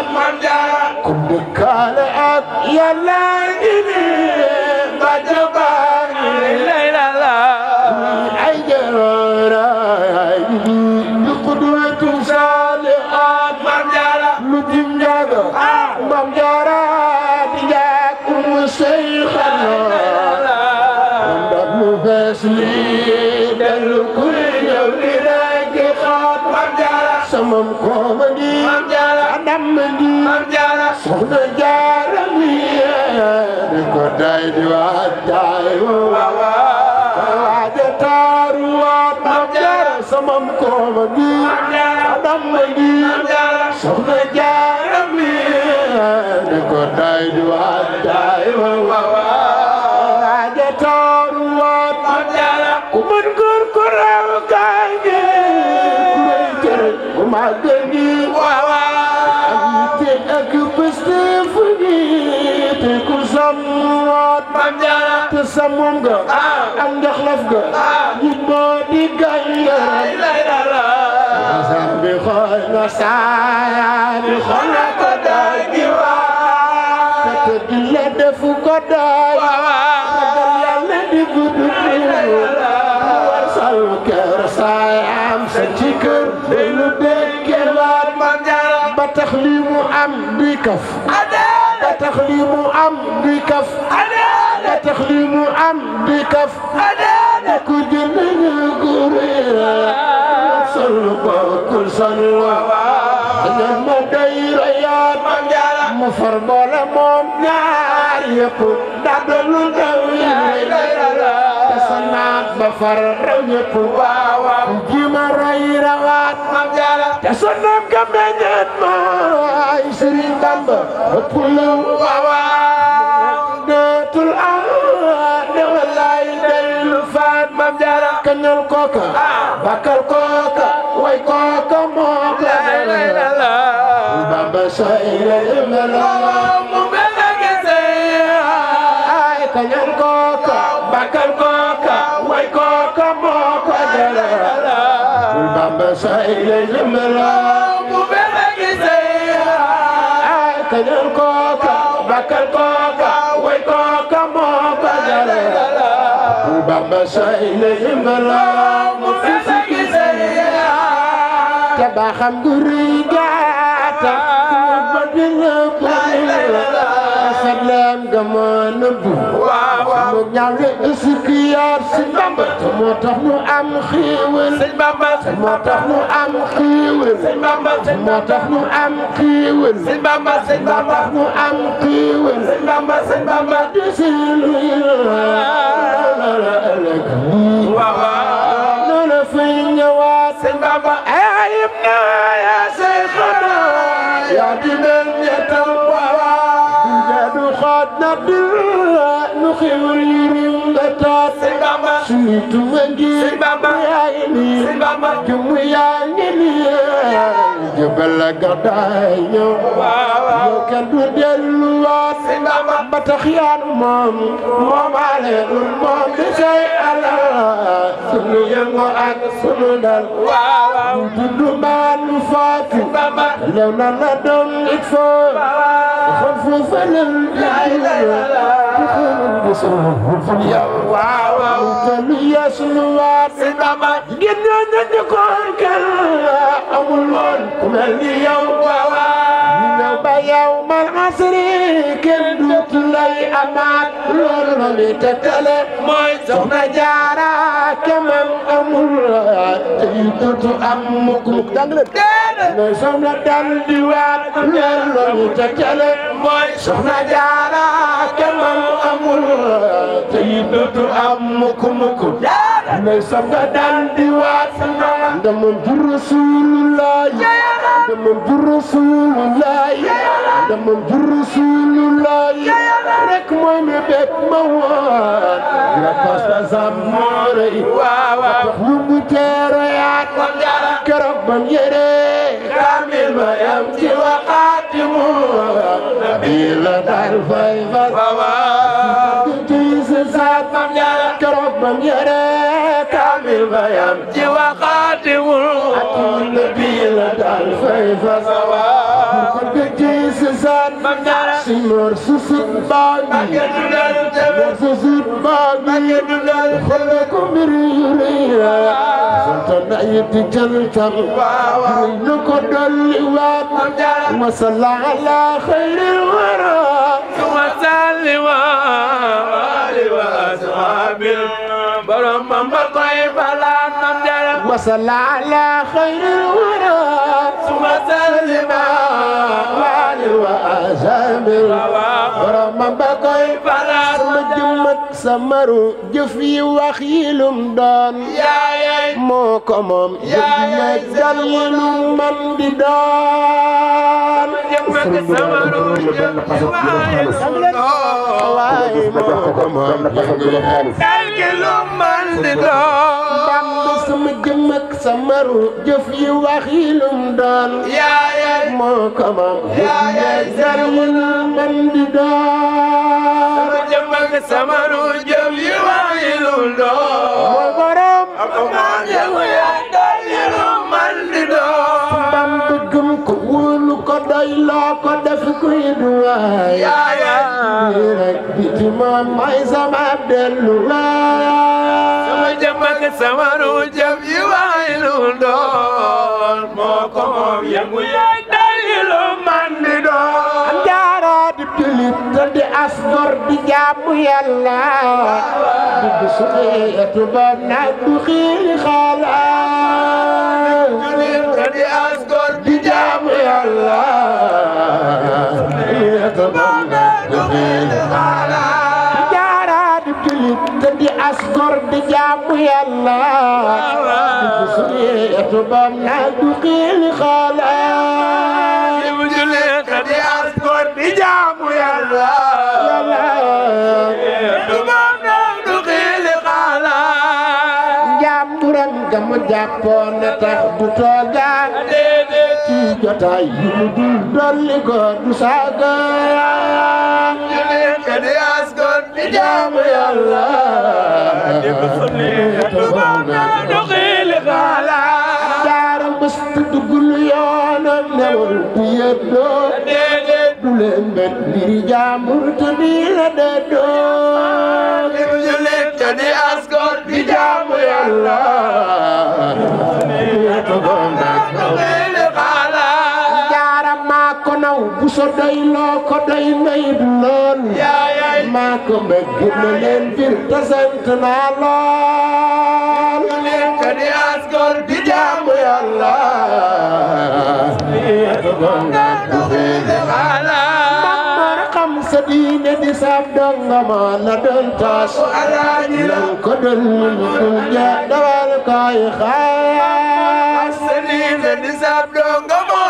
ak ku dëkkaale ak yàlla ngi ba jabaani lay la la ay jaara lu qudwatu saale ak maam jaara lu jinjaaga ah, maam jaara di jaakum mu bees lii dellu kuy ñëw di rekk xaat maam jaara samam kooma damma ji mam jaara soxna jaara mi ni di waajtaay waaje taaru waat mam jaara samam kooma gi damma ji soxna jaara mi ni ko day di waajtaay ak pëstéef gi te ku samwaat te samum ga ak ah. ndaxlaf ga nit ah. moo di gànga nasaan bi xool na saayaan bi xool na ko daay gi waa te tëdd la defu ko daay te yàlla di gudd kaf ba tax lii mu am duy kaf ba tax lii mu am duy kaf ku jënd ñu guréera sol bokkul sol wa ma day rayaat mu far boole moom ñaar yëpp ndax lu daw xasanaat ba far raw ñëpp waawaaw ji ma ray rawaat mam jaara te sonam ga meññeet ma ay Sëriñ Bamba ëpp lu waawaaw deetul am dewalaay dellu faat mam jaara kañal kooka ah. bakkal kooka way kooka moo la la Bamba sayra melo Bakal ko سائل المرام بفك سيها آتن الكوكا بك الكوكا ويكوكا موكا جريها وبما سائل المرام بفك سيها تبا خمد ريقاتا وبدل قليلا mbooleem ga ma nëbbu waaw waaw mu ñàkk istikiyaar si Bamba moo tax mu am xiiwal sëñ Bamba moo tax mu am xiiwal sëñ Bamba moo tax mu am xiiwal sëñ Bamba sëñ Bamba moo tax mu am xiiwal sëñ Bamba sëñ Bamba di si lu waaw waaw noonu fay ñëwaat sëñ Bamba ayib na yaa say xanaa yaa di mel ñettal waaw Abdullah nu xewul yi réew la taat sëñ Bamba suñu tuma ngi sëñ nii sëñ Bamba jëmm yaa ngi nii jëbal la gàddaay ñëw yow kenn du delluwaat وتخيار مام مام على مام بشيء على سنو يمو أك سنو دل واو دل ما نفات لو نلا دم إكسو خلف فلن لا إله إلا واو تلي سنوات سنما جنون نكون كلا أمول كمالي يوم واو يوم العصر كندوت لي أمان لولو لي تتلي موي سخنا جارا كمان أمور تيتوت أمك مكتنغل موي سخنا دلدوات لولو لي تتلي موي سخنا جارا كمان أمور تيتوت أمك مكتنغل lay sanga dal di waat ndamam bu rasulullah ndamam bu rasulullah ndamam ma woon la pasta zamore waaw waaw lu mu teere yaa ko dara keroog bam yére kamil ma yam ci waqaati mu nabi la dal fay fas waaw waaw keroog bam yére البيان جوا خاتم النبي لدال فيف سوا كجيس سان مدار سمر سسن بان مكدل تبر سسن بان مكدل خلكم ريريا سلطان عيد جلتم نكو دل وات وصلى على خير الورى وسلم وآل وأصحاب برم مبقى وصل على خير الورى ثم سلم وعلي وأجابر ورم بقي فلا ثم جمك سمر جفي وخيل دون moo ko moom yaa ngi jël man di doon. sëriñ bi daal dafa doon la benn façon bi doon xaalis. moo ko moom yaa ngi man di doon. samaru jëf yi wax yi lum doon yaayay moo ko moom yaayay jarul man di doon yi wax yi lum doon moo borom ak maan yëngu yaay doon yi lum man di doon bam bi gëm ko wóolu ko doy loo ko def kuy duwaay yaayay bii rek biti moom mooy sama dellu waay sama jëm ak jëf lu doon moo ko moom yëngu yeeg dalilu man di doon am jaara di julit te di as gor di jaamu yàlla di bisu eetu ba nag du xiiri xalaat julit te di as gor di jaamu yàlla eetu ba nag du xiiri رب يا الله بسرية بمنا تقيل خلاص بجليك دي أذكر بجام يا الله بمنا تقيل خلاص جام دران جم جاكون تخبطو جان ci jotaay yu dul dolli ko du saaga جام يلا دبخلي تبانا نغيل غالا دار مست دقل يانا نور بيدو دولين بدري جامر تنيل ددو دبجلين تني أسكر بجام يلا تبانا نغيل so doyloo ko doy nayit lool yaay maa ko bëgg na leen fir te sant naa lool leen ko di asgor di jaamu yàlla sa diine di saab donga maa la doon taas alaaji la ko doon mu ja dawal kaay xaas sa diine di saab donga maa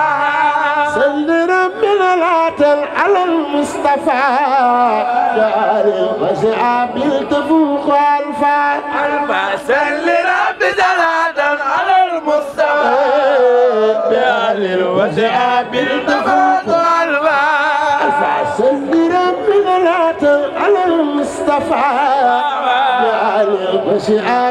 على المصطفى جعل الوسع بالتفوق ألفا ألفا لرب زلادا على المصطفى جعل الوسع بالتفوق ألفا ألفا لرب زلادا على المصطفى جعل الوسع